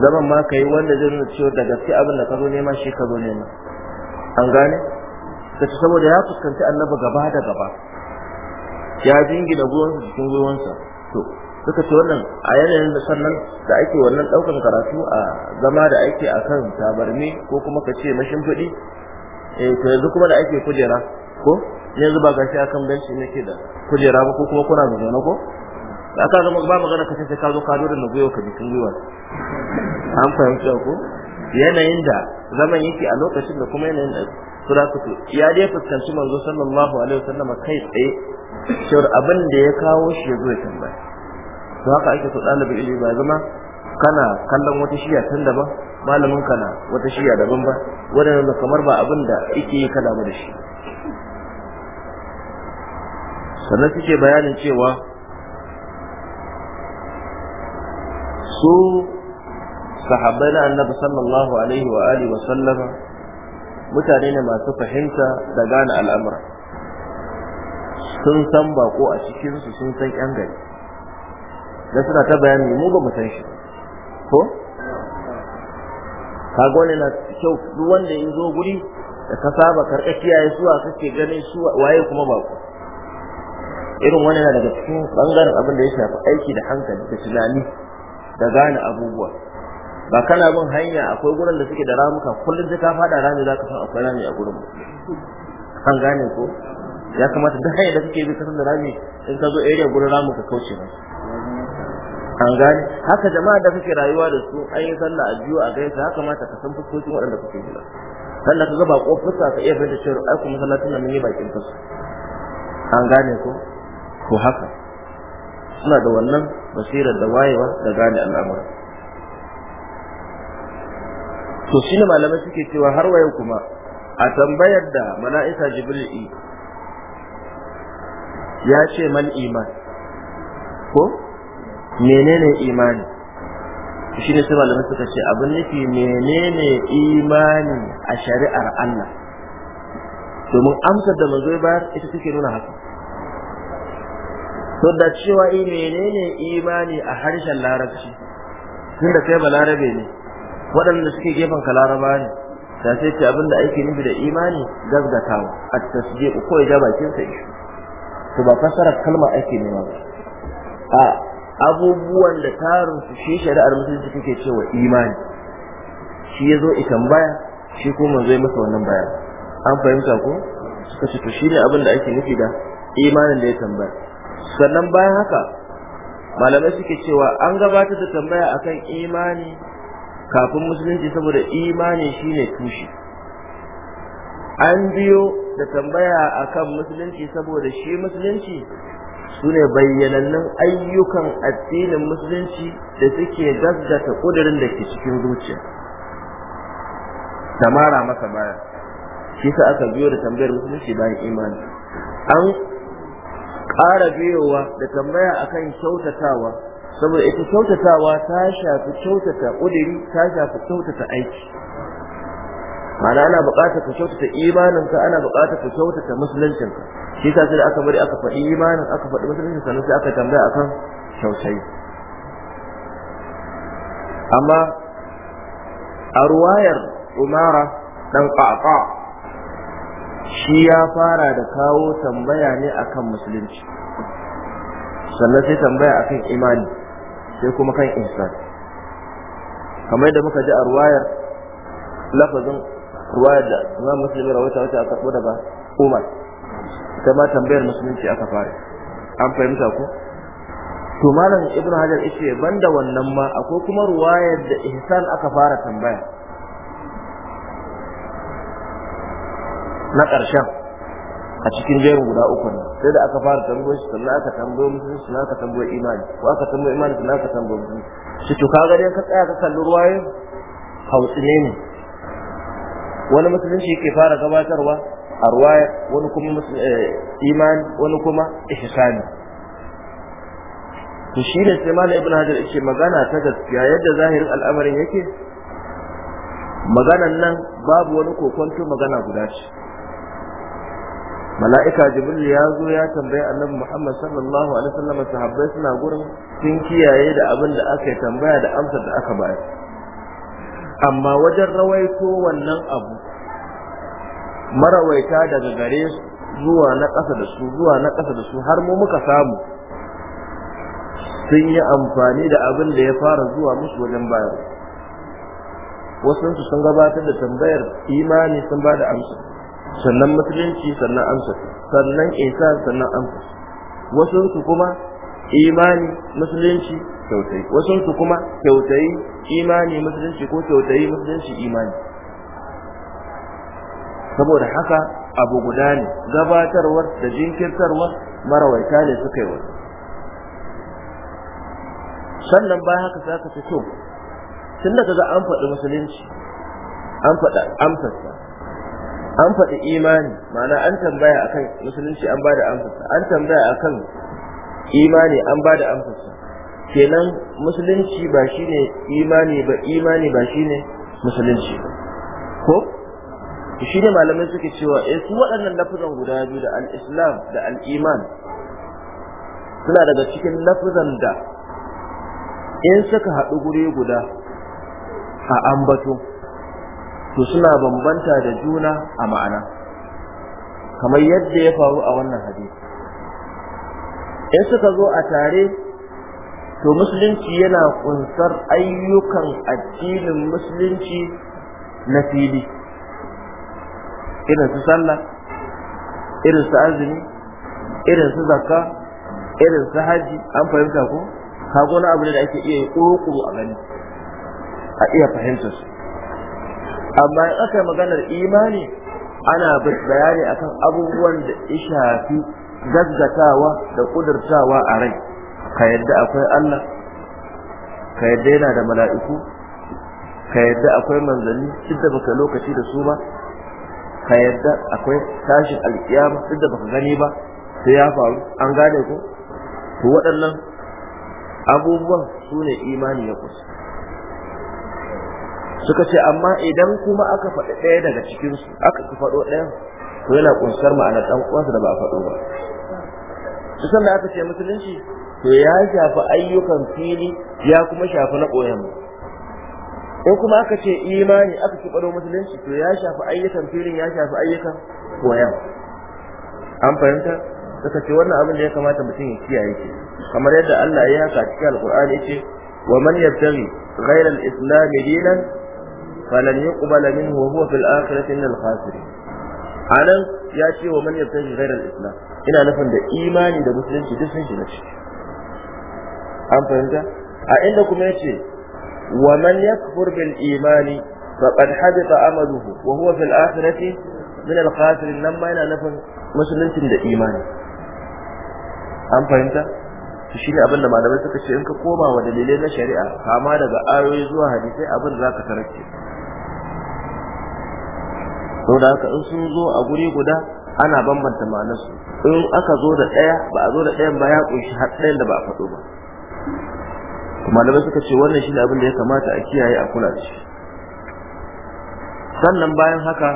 zaman ma ka yi wanda zai nuna cewa da gaske abin da ka zo nema shi ka zo nema an gane ka ci saboda ya fuskanci annabi gaba da gaba ya jingina gwiwansa cikin gwiwansa to suka ce wannan a yanayin da sannan da ake wannan ɗaukan karatu a zama da ake a kan ko kuma ka ce mashimfiɗi eh to yanzu kuma da ake kujera ko yanzu ba gashi akan benci nake da kujera ba ko kuma kuna zaune ko da aka zama ba magana ka sai ka zo ka dora lugu ka jikin gwiwa an fahimci ko yanayin da zaman yake a lokacin da kuma yanayin da sura ku ya dai fuskanci manzo sallallahu alaihi wasallam kai tsaye shawar abin da ya kawo shi ya zo ya tambaya to haka ake so dalibi ilimi ba zama kana kallon wata shiya tun daban malamin kana wata shiya daban ba wadannan kamar ba abin da yake yi kada da shi sannan suke bayanin cewa su sahabbai na annabi sallallahu alaihi wa alihi wa sallama mutane ne masu fahimta da gane al'amura sun san bako a cikinsu sun san yan gari da suna ta bayani mu ba mu san shi ko ka wani na kyau duk wanda ya zo guri da ka saba karɓa kiyaye suwa kake ganin suwa waye kuma bako irin wani na daga cikin bangaren abin da ya shafi aiki da hankali da tunani da gane abubuwa ba kana bin hanya akwai gurin da suke da ramuka kullum sai ka fada rami za ka san akwai rami a gurin kan gane ko ya kamata duk hanya da suke bi kasan da rami in ka zo area gurin ramu ka kauce ba an gane haka jama'a da kake rayuwa da su an yi sallah a biyu a gaisa haka kamata ka san fuskokin waɗanda kake jira sannan ka gaba kofarsa ka iya fahimta cewa ai kuma sallatin nan mun yi bakin kasu. an gane ko ko haka suna da wannan basirar da wayewa da gane al'amura to shi ne malamai suke cewa har wayo kuma a tambayar da mala'ika jibril ya ce man iman ko menene imani shi ne sai malamai suka ce abin nufi menene imani a shari'ar Allah domin amsar da manzo ya bayar ita take nuna haka to da cewa i eh, menene imani a harshen larabci tunda kai ba larabe ne waɗanda suke gefen ka laraba ne da sai ce abinda ake nufi da imani gazgatawa a tasdiqu ko ya bakin sa shi to ba fasarar kalma ake nema ba a abubuwan da tarin su shi shari'ar musulunci kake cewa imani shi yazo i tambaya shi ko mun zai masa wannan bayan an fahimta ko suka ce to shine abin da ake nufi da imanin da ya tambaya sannan bayan haka malamai suke cewa an gabatar da tambaya akan imani kafin musulunci saboda imani shine tushe an biyo da tambaya akan musulunci saboda shi musulunci sune bayyanannun ayyukan addinin musulunci da suke gaggata kudirin da ke cikin zuciya tamara masa baya shi sa aka biyo da tambayar musulunci bayan imani an ƙara biyowa da tambaya akan kyautatawa saboda ita kyautatawa ta shafi kyautata ƙudiri ta shafi kyautata aiki ma'ana ana buƙatar ka kyautata imaninka ana buƙatar ka kyautata musuluncinka shi ta sai da aka bari aka faɗi imanin aka faɗi musuluncinka sannan sai aka tambaya akan kyautai amma a ruwayar umara dan ƙaƙa shi ya fara da kawo tambaya ne akan musulunci sannan sai tambaya akan imani sai kuma kan ihsan kamar da muka ji a ruwayar lafazin ruwayar da imam musulmi rawaita wata aka karbo daga umar ita ma tambayar musulunci aka fara an fahimta ko to malam ibnu hajar ishe banda wannan ma akwai kuma ruwayar da ihsan aka fara tambaya na ƙarshen a cikin jerin guda uku ne sai da aka fara tambayo shi sannan aka tambayo musulunci sannan aka tambayo imani ko aka tambayo imani sannan aka tambayo musulunci shi to kaga dai ka tsaya ka kalli ruwaye hautsine ne wani musulunci yake fara gabatarwa a ruwaye wani kuma eh, imani wani kuma ihsani to shi ne sai malam ibn hajar yake magana ta gaskiya yadda zahirin al'amarin yake maganan nan babu wani kokonto magana guda ce mala'ika jibril ya zo ya tambayi annabi muhammad sallallahu alaihi wasallam sahabbai suna gurin sun kiyaye da abin da aka yi tambaya da amsar da aka bayar amma wajen rawaito wannan abu marawaita daga gare zuwa na ƙasa da su zuwa na ƙasa da su har mu muka samu sun yi amfani da abin da ya fara zuwa musu wajen bayar wasu sun gabatar da tambayar imani sun ba da amsa sannan musulunci sannan amsa sannan isa sannan amsa wasu su kuma imani musulunci kyautai wasu su kuma kyautai imani musulunci ko kyautai musulunci imani saboda haka abu guda ne gabatarwar da jinkirtarwa marawaita ne suka yi wasu sannan ba haka za ka fito tun da za an faɗi musulunci an faɗa amsarsa an faɗi imani ma'ana an tambaya akan musulunci an bada amsa an tambaya akan imani an bada amsa kenan musulunci ba shine imani ba imani ba shine musulunci ko shi ne malamai suke cewa eh su waɗannan lafuzan guda biyu da al-islam da al-iman suna daga cikin lafuzan da in suka haɗu guri guda a ambato to suna bambanta da juna a ma'ana kamar yadda ya faru a wannan hadisi in suka zo a tare to musulunci yana kunsar ayyukan addinin musulunci na fili irin su sallah irin su azumi irin su zakka irin su haji an fahimta ko kago na abu da ake iya yi ƙuruƙuru a gani a iya fahimta su amma in aka yi maganar imani ana bayani akan abubuwan da ya shafi gaggatawa da kudurtawa a rai ka yadda akwai Allah ka yadda yana da mala'iku ka yadda akwai manzanni duk da baka lokaci da su ba ka yadda akwai tashin alkiyama duk da baka gani ba sai ya faru an gane ko to waɗannan abubuwan su ne imani ya kusa suka ce amma idan kuma aka faɗi ɗaya daga cikinsu aka ku faɗo ɗaya to yana ƙunsar ma'anar ɗan uwansa da ba a faɗo ba Kusan da aka ce musulunci to ya shafi ayyukan fili ya kuma shafi na ƙoyan mu ko kuma aka ce imani aka ci faɗo musulunci to ya shafi ayyukan filin ya shafi ayyukan koyan an fahimta suka ce wannan abin da ya kamata mutum ya kiyaye ke kamar yadda Allah ya yi haka cikin alƙur'ani yace wa man yabtaghi ghayra al dinan falan yuqbala minhu wa huwa fil akhirati minal khasirin anan ya ce wa man yabtaji ghayra al-islam ina nufin da imani da musulunci duk sun shiga ciki an fahimta a inda kuma yace wa man yakfur bil imani faqad hadita amaluhu wa huwa fil akhirati min al-khasirin nan ma yana nufin musuluncin da imani an fahimta to shine abin da malamai suka ce in ka koma wa dalilai na shari'a kama daga ayoyi zuwa hadisai abin da zaka tarake sau da haka in sun zo a guri guda ana bambanta ma'anarsu in aka zo da ɗaya ba a zo da ɗayan ba ya ƙunshi har ɗayan da ba a faɗo ba malamai suka ce wannan shine abin da ya kamata a kiyaye a kula da shi sannan bayan haka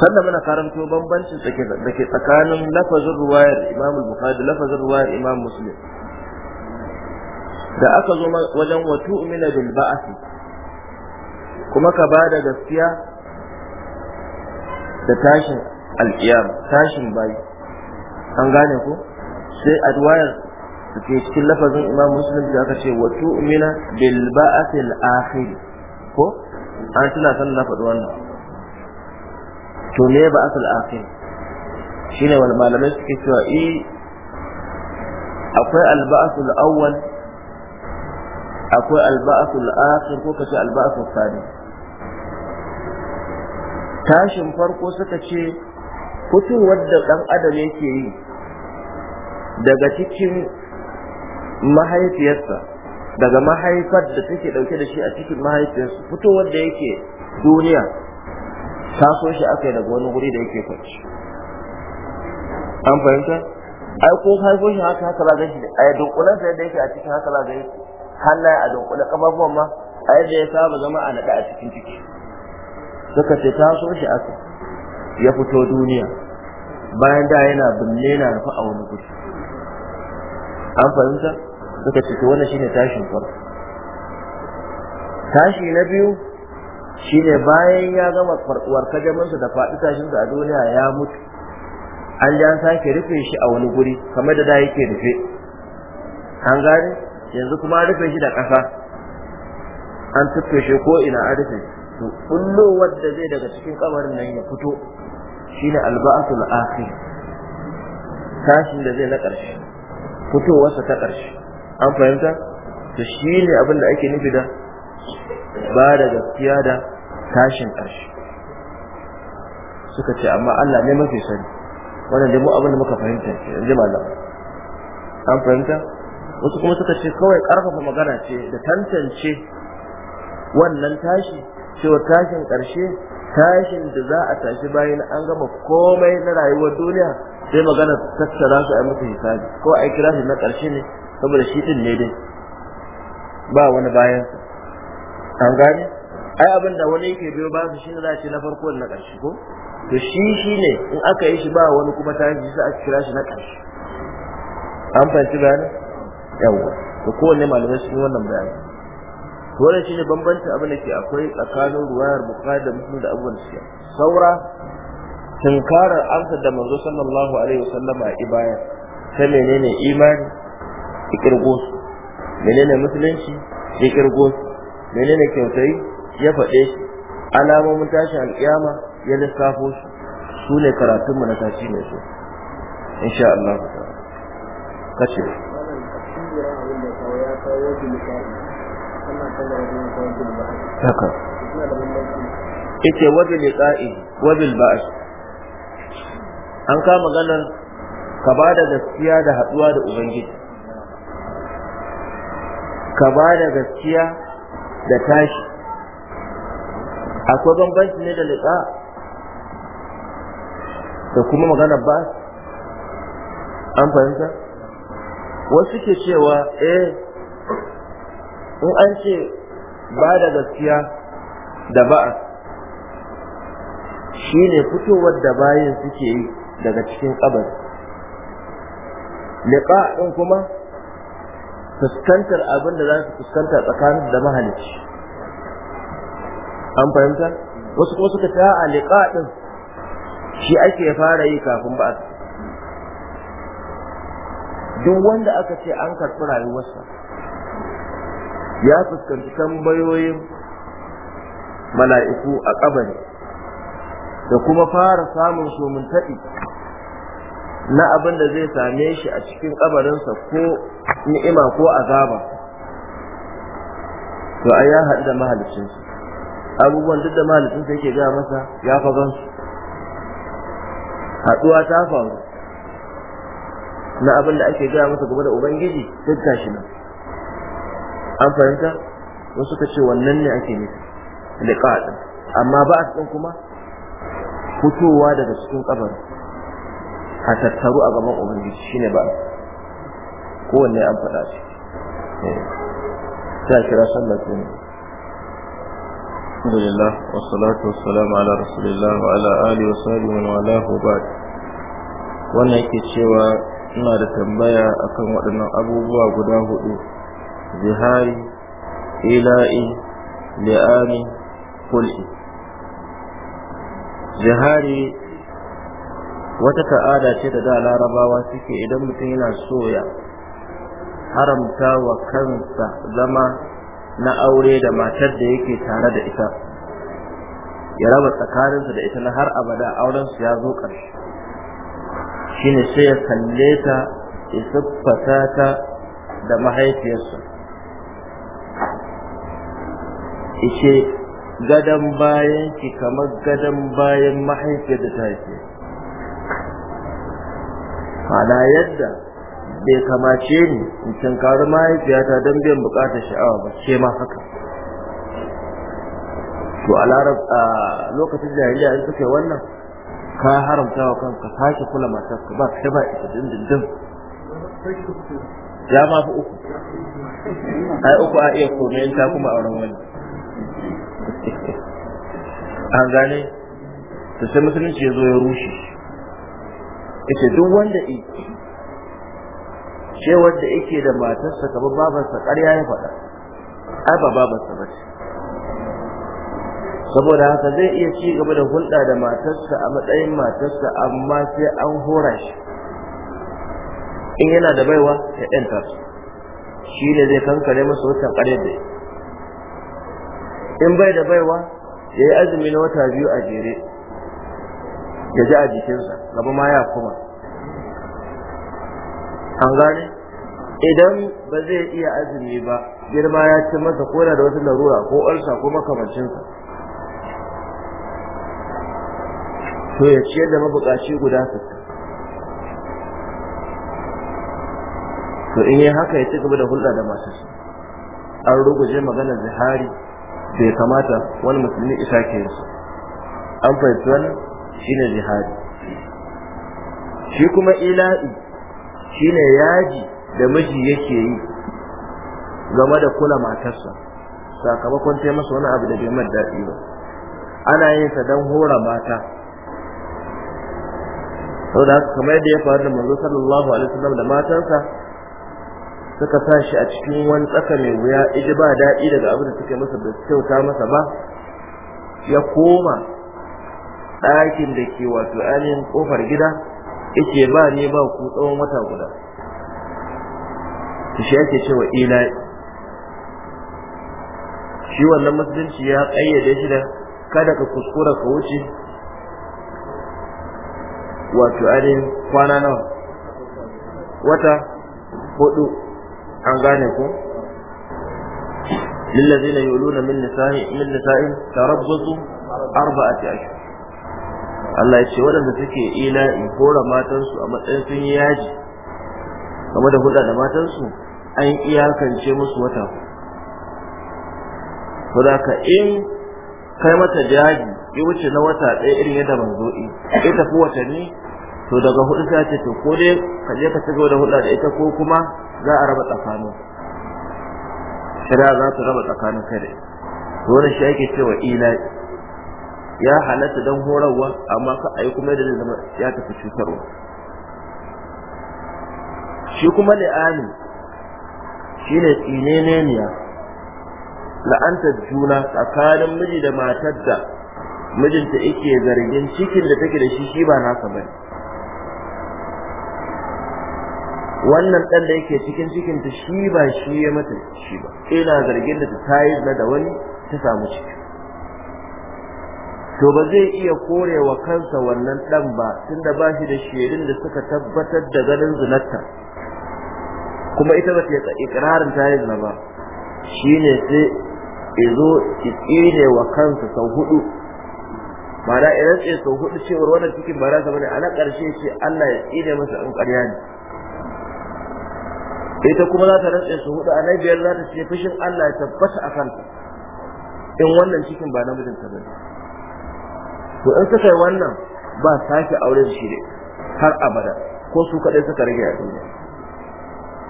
sannan muna karanto bambancin da ke tsakanin lafazin ruwayar imam bukhari lafazin ruwayar imam muslim da aka zo wajen watu umina bil ba'ath kuma ka ba da gaskiya da tashin al'iyam tashin bayi an gane ku? sai a duwayar ke cikin lafazin imam muslim da aka ce wa tu'mina bil ba'atil akhir ko an tuna san na faɗi wannan to ne ba'atil akhir shine wal malamai suke cewa i eh, akwai al ba'atul awwal akwai al ba'atul akhir ko kace al ba'atul thani tashin farko suka ce fitowar da dan adam yake yi daga cikin mahaifiyarsa daga mahaifar da take ɗauke da shi a cikin mahaifiyarsa fitowar da yake duniya so shi aka yi daga wani guri da yake kwanci an fahimta ai ko haifo shi haka haka za shi a dunkulen sa yadda yake a cikin haka za shi hannaye a dunkule kafafuwan ma a yadda ya saba zama a naɗa a cikin ciki suka ce taso shi aka ya fito duniya bayan da yana binne na rufe a wani guri an fahimta suka ce wannan shine tashin farko tashi na biyu shine bayan ya gama warkajaminsa da faɗi tashinsa a duniya ya mutu an ja an sake rufe shi a wani guri kamar da da yake rufe an gane yanzu kuma rufe shi da ƙasa an tuffe shi ko ina an rufe shi to kullu da zai daga cikin kabarin nan ya fito shine alba'atul akhir tashin da zai na ƙarshe fitowarsa ta ƙarshe an fahimta to shine abin da ake nufi da ba da gaskiya da tashin ƙarshe suka ce amma Allah ne mafi sani wannan dai mu abin da muka fahimta ce yanzu malam an fahimta wasu kuma suka ce kawai ƙarfafa magana ce da tantance wannan tashi cewa tashin ƙarshe tashin da za a tashi bayan an gama komai na rayuwar duniya sai magana tattara su a musu hisabi ko a kira shi na ƙarshe ne saboda shi din ne dai ba wani bayan an gane ai abin da wani yake biyo ba su shine za a ce na farko na ƙarshe ko to shi shi ne in aka yi shi ba wani kuma tashi sai a kira shi na ƙarshe an fahimci bayanin yawwa to kowanne malamai sun yi wannan bayani wannan shine bambancin abin da ke akwai tsakanin ruwayar bukhari da muslim da abubuwan shi saura tunkarar amsa da manzo sallallahu alaihi wasallama a ibaya ta menene imani ki kirgo su menene musulunci ki kirgo su menene kyautai ya faɗe shi alamomin tashin alƙiyama ya lissafo su su ne karatunmu na tashi mai so insha Allah ka ce ya kawo haka an ka maganar ka ba da gaskiya da haduwa da ubangiji ka ba da gaskiya da tashi akwai bambanci ne da liƙa da kuma maganar ba an fahimta wasu ke cewa eh in an ce ba da gaskiya da ba'a shi ne fitowar da bayan suke yi daga cikin kabari liqa ɗin kuma fuskantar abin da za su fuskanta tsakanin da mahalicci an fahimta wasu kuma suka ta a liqa ɗin shi ake fara yi kafin ba'a duk wanda aka ce an karɓi rayuwarsa ya fuskanci tambayoyin mala'iku a kabari da kuma fara samun somin taɗi na abin da zai same shi a cikin ƙabarinsa ko ni'ima ko azaba to ai ya haɗu da mahalicinsa abubuwan duk da mahalicinsa yake gaya masa ya fa su, haɗuwa ta faru na abin da ake gaya masa game da ubangiji duk shi nan an fahimta wasu ka ce wannan ne ake nufi da din amma ba din kuma fitowa daga cikin kabar a tattaru a gaban ubangiji shine ba kowanne an faɗa shi ta eh. kira sallar ne Alhamdulillah لله والصلاة ala rasulillah wa ala Ali wa sahbihi wa ala وبعد wannan yake cewa ina da tambaya akan waɗannan abubuwa guda hudu zihari ila'i li'ani kul'i zihari wata ta'ada ce da da larabawa suke idan mutum yana soya haramta wa kansa zama na aure da matar da yake tare da ita ya raba tsakaninsa da ita na har abada aurensu ya zo ƙarshe shine sai ya kalle ta ya siffata ta da mahaifiyarsa ishe gadon bayan ki kamar gadon bayan mahaifiyar da ta ke. ana yadda bai kamace ni in tunkari mahaifiyata don biyan bukatar sha'awa ba ce ma haka to a larab a lokacin jahiliya in suke wannan ka haramta wa kanka sake kula matarka ba ka ba ita dindindin ya ma fi uku ai uku a iya komai ta kuma auren wani an gane ta sai musulunci ya zo ya rushe Ita duk wanda iki ce wanda yake da matarsa kamar babarsa ƙarya ya faɗa ai ba babarsa ba ce saboda haka zai iya ci gaba da hulɗa da matarsa a matsayin matarsa amma sai an hora shi in yana da baiwa ya ɗanta shi ne zai kankare masa wata ƙarya da in bai da baiwa ya yi azumi na wata biyu a jere ya ji a jikinsa gaba ma ya kuma an gane idan ba zai iya azumi ba girma ya ci masa koda da wata larura ko ulsa ko makamancinsa to ya ciyar da mabukaci guda sittin to in yi haka ya ci gaba da hulɗa da masu an ruguje magana zihari ya kamata wani musulmi isa ke yi an fahimci wannan shine jihadi shi kuma ila'i shine yaji da miji yake yi game da kula matarsa sakamakon ta masa wani abu da bai mai daɗi ba ana yin sa don hora mata saboda haka kamar yadda ya faru da manzo sallallahu alaihi wasallam da matansa suka sa shi a cikin wani tsaka mai wuya iji ba daɗi daga abin da suke masa da kyauta masa ba ya koma ɗakin da ke wato ainihin ƙofar gida yake ba ne ba ku tsawon wata guda shi yake cewa Ila. shi wannan musulunci ya ƙayyade shi da kada ka kuskura ka wuce wato ainihin kwana nawa wata hudu an gane ko lillazina yuluna min nisa'i min nisa'i tarabbasu arba'ati ashhur Allah ya ce waɗanda suke ila'i kora matansu a matsayin sun yi yaji game da hulɗa da matansu an iyakance musu wata ko da ka in kai mata jaji ya wuce na wata ɗaya irin yadda manzo'i ya tafi watanni to daga hudu sai ce to ko dai ka je ka cigaba da hudu da ita ko kuma za a raba tsakanin shari'a za ta raba tsakanin kare to wannan shi ake cewa ila ya halatta dan horarwa amma ka ayi kuma da zama ya tafi cutarwa shi kuma li'ani shine tsineneniya la'antar juna tsakanin miji da matar da mijinta yake zargin cikin da take da shi shi ba naka bane wannan dan da yake cikin cikin ta shi ba shi ya mata shi ba ina zargin da ta yi da wani ta samu ciki to ba zai iya korewa kansa wannan dan ba tunda ba shi da shirin da suka tabbatar da ganin zinarta, kuma ita ba ta ikrarin ta yi zina ba shine sai izo tsire wa kansa sau hudu ma'ana idan sai sau hudu cewar wannan cikin ba ne bane a na ƙarshe ce Allah ya tsire masa in ƙarya ne ita kuma za ta rantsa su hudu a nan biyar za ta ce fushin Allah ya tabbata a kanta in wannan cikin ba namijin ta bane to in suka yi wannan ba sake aure da shi ne har abada ko su kadai suka rage a duniya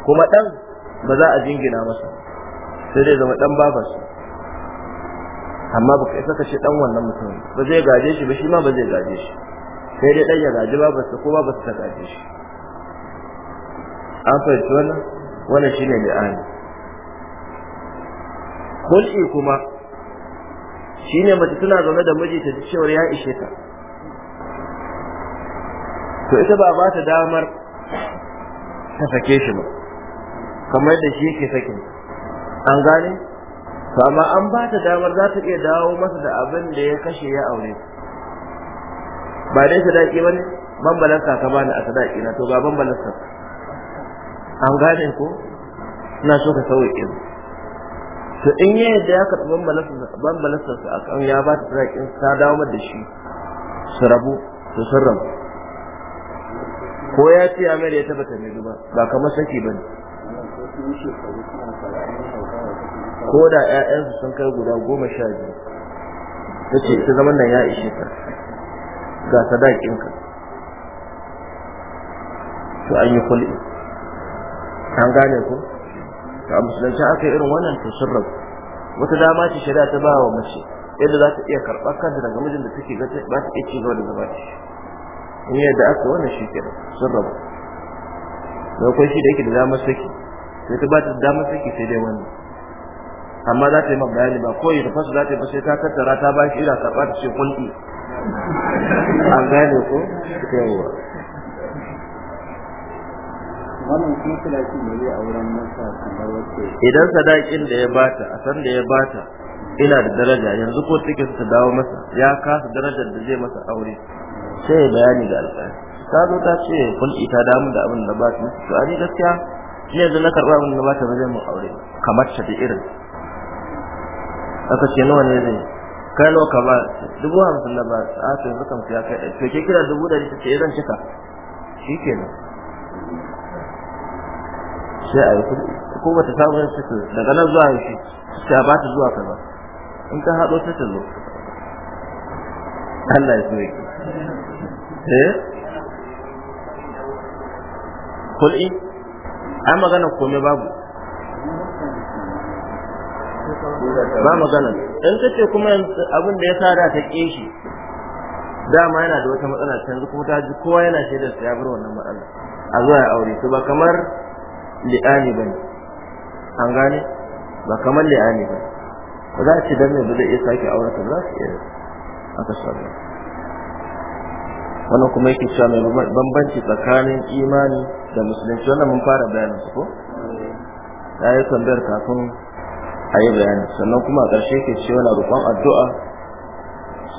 kuma dan ba za a jingina masa sai dai zama dan babarsa amma baka kai saka shi dan wannan mutum ba zai gaje shi ba shi ma ba zai gaje shi sai dai dan ya gaji babarsa ko babarsa ta gaje shi an fahimci wannan wannan shine li'ani kulli kuma shine mace tana zaune da miji ta cewa ya ishe ta to ita ba ba ta damar ta sake shi ba kamar da shi yake sakin an gane to amma an ba ta damar za ta iya dawo masa da abin da ya kashe ya aure ba dai sadaki bane ban balasta ka bani a sadaki na to ga ban balasta an gane ko ina so ka sauke mu to in ya yadda ya karɓi bambalasa su a kan ya ba ta tsirakin ta dawo da shi su rabu su sun rabu ko ya ce ya mai da ya tabbata mai duba ba kamar saki ba ne ko da 'ya'yansu sun kai guda goma sha biyu ta ce ta zaman nan ya ishe ta ga sadakinka to an yi kulle an gane ku to a musulunci aka yi irin wannan to sun rabu wata dama ce shari'a ta ba wa mace yadda za ta iya karɓar kanta daga mijin da take ba ta iya ci gaba da zama da Ni yadda aka wannan shi ke sun rabu da akwai shi da yake da damar saki sai ta ba ta damar saki sai dai wannan amma za ta yi maka bayani ba koyi da fasu za ta yi ba sai ta tattara ta ba shi ina karɓa ta ce kulɗi an gane yi yawa wannan kuma sadaki ne zai auren masa kamar wacce idan sadakin da ya bata a san da ya bata ina da daraja yanzu ko take ta dawo masa ya kasa darajar da zai masa aure sai bayani ga alƙali ta zo ta ce kun ita damu da abin da ba ta to ni gaskiya ni yanzu na karɓa abin da ba ta ba zai mu aure kamar ta da irin aka ce nawa ne zai kai nawa ka ba dubu hamsin na ba a to yanzu kan ya kai ɗaya to ke kira dubu ɗari ta ce irin eh, cika shikenan sai a yi kudi ko bata samu yin suka daga nan zuwa yaushe ta ba ta zuwa kaza in ta haɗo ta zo Allah ya soye eh kul'i a magana kome babu ba magana in ta ce kuma abin da ya sa da ta ƙe shi dama yana da wata matsala ta yanzu kuma ta ji kowa yana shaidar sa ya bar wannan matsala a zuwa ya aure to ba kamar li'ani bane an gane ba kamar li'ani ba ba za a ci dan yanzu zai iya sake aurata za su iya aka samu wannan kuma yake cewa mai bambanci tsakanin imani da musulunci wannan mun fara bayanin su ko ya yi tambayar kafin a yi bayani sannan kuma a ƙarshe ke cewa na roƙon addu'a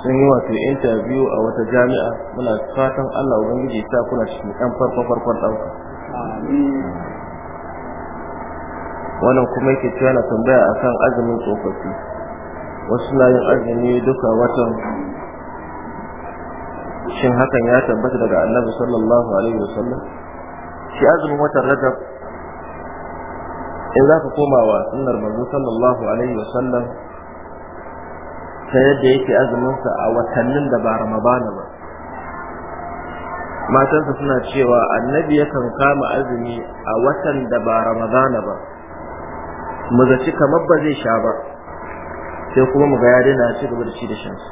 sun yi wato interview a wata jami'a muna fatan Allah ubangiji ya sa kuna cikin ɗan farko farkon ɗauka wannan kuma yake cewa na tambaya akan azumin tsofaffi wasu na yin azumi duka watan shin hakan ya tabbata daga annabi sallallahu alaihi wasallam shi azumin watan rajab in za ka koma wa sunnar manzo sallallahu alaihi wasallam ta yadda yake azuminsa a watannin da ba ramadana ba matansa suna cewa annabi yakan kama azumi a watan da ba ramadana ba mu zaci kamar ba zai sha ba sai kuma mu ga ya daina ci gaba da ci da shan su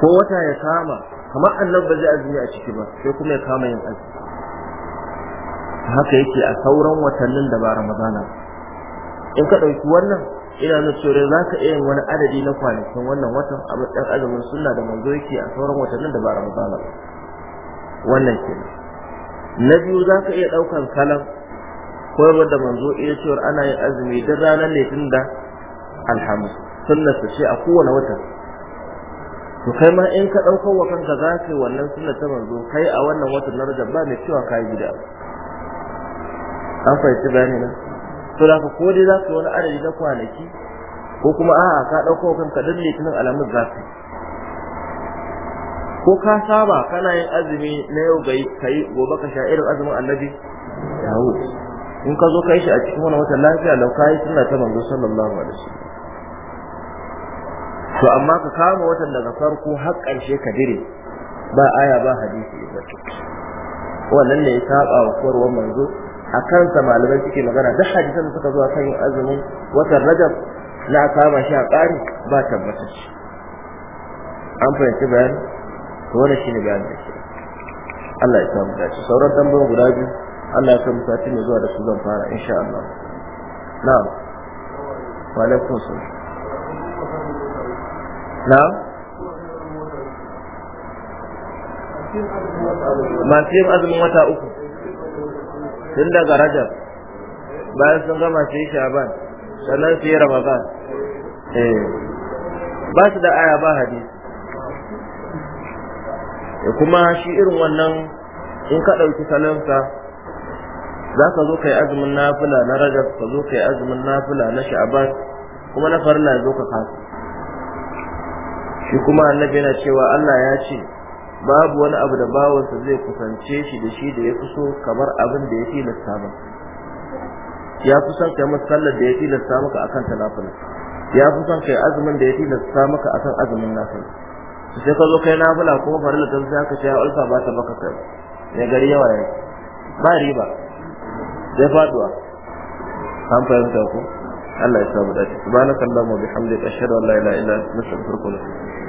ko wata ya kama kamar annab ba zai azumi a ciki ba sai kuma ya kama yin azumi haka yake a sauran watannin da ba ramadana in ka ɗauki wannan ina nuna cewa za ka iya yin wani adadi na kwanakin wannan watan a matsayin azumin sunna da manzo yake a sauran watannin da ba ramadana wannan kenan na biyu za ka iya ɗaukan kalan koyarwar da manzo iya cewar ana yin azumi da ranar litinin da alhamis sunnar ta ce a kowane wata to kai ma in ka ɗaukar wa kanka za ka yi wannan sunnar ta manzo kai a wannan watan na rajab ba mai cewa ka yi gida an fahimci bayani na to da ka kodi za ka yi wani adadi na kwanaki ko kuma a'a ka ɗauko wa kanka dan litinin alhamis za ka yi ko ka saba kana yin azumi na yau bai kai gobe ka sha irin azumin annabi Dawud in ka zo kai shi a cikin wani wata lafiya lau ka yi suna ta manzo sallallahu alaihi wasallam to amma ka kama watan daga farko har karshe ka dire ba aya ba hadisi ba wannan ne ya saba wa korwar manzo a kansa malamai suke magana duk hadisan da suka zo kan yin azumin watan rajab na kama shi a ƙari ba tabbatar an fahimci bayan to wannan shine bayan da shi Allah ya samu dace sauran tambayoyi guda biyu Allah ya kai sati mai zuwa da su zan fara insha Allah na'am wa alaikum na'am masu yin azumin wata uku tun daga rajab bayan sun gama su yi shaban sannan su yi ramadan eh. ba su da aya ba hadisi kuma shi irin wannan in ka ɗauki salansa za ka zo ka yi azumin nafila na rajab ka zo ka yi azumin nafila na sha'ban kuma na farla ya zo ka kasa shi kuma annabi yana cewa Allah ya ce babu wani abu da bawansa zai kusance shi da shi da ya fi so kamar abin da ya tilasta ba ya fi son kai sallar da ya tilasta maka akan ta nafila ya fi son kai azumin da ya tilasta maka akan azumin nafila sai ka zo kai nafila kuma farla ta sai ka ce ya ulfa ba ta baka kai ya gari yawa yake ba riba sai faduwa an fahimta ku Allah ya samu dace subhanakallahumma bihamdika ashhadu an la ilaha illa anta astaghfiruka wa atubu